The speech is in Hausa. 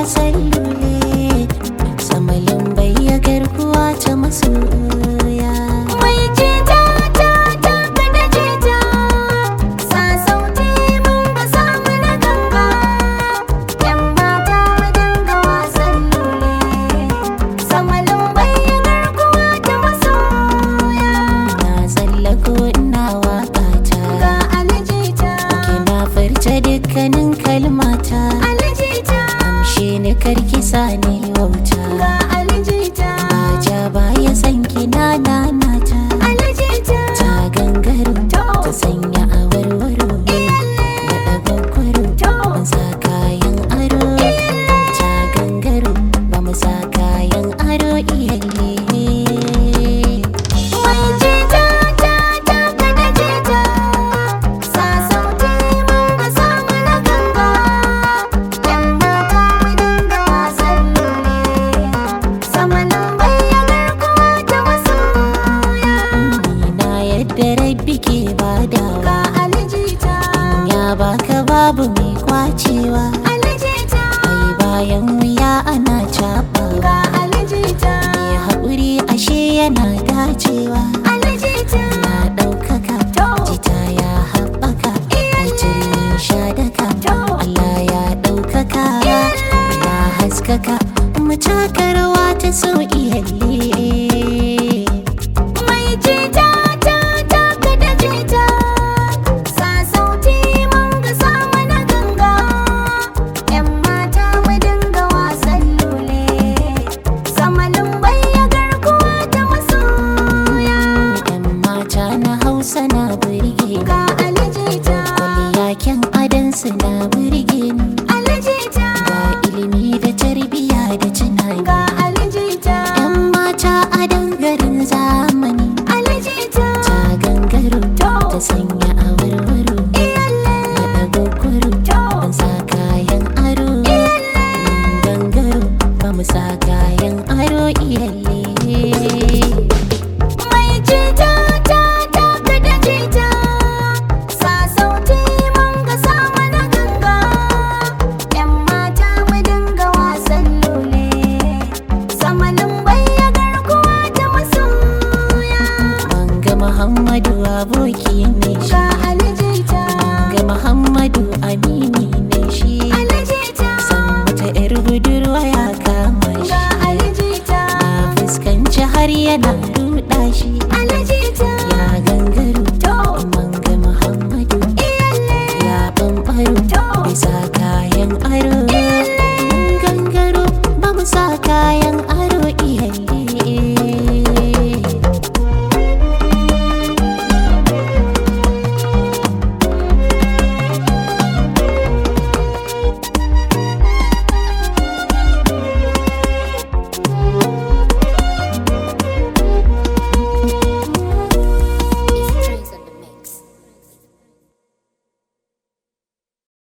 wasan lule samalin bayyagar kuwa ta masu karki sani wauta da rabbi ke badawa ka ya baka babu mai kwacewa hausa na birge ni ga alajita kwaliyaken adan su na birge ni alajita ga ilimi da tarbiya da tunani ga alajita yan mata adan garin zamani alajita ta gangaro to ta sanya a warwaro kuru to ban sa kayan aro iyalle gangaro ba mu sa Muhammadu aboki ne shi alajita ga Muhammadu amini ne shi alajita san wata yar budurwa ya kama shi alajita fuskanci har yana duɗa shi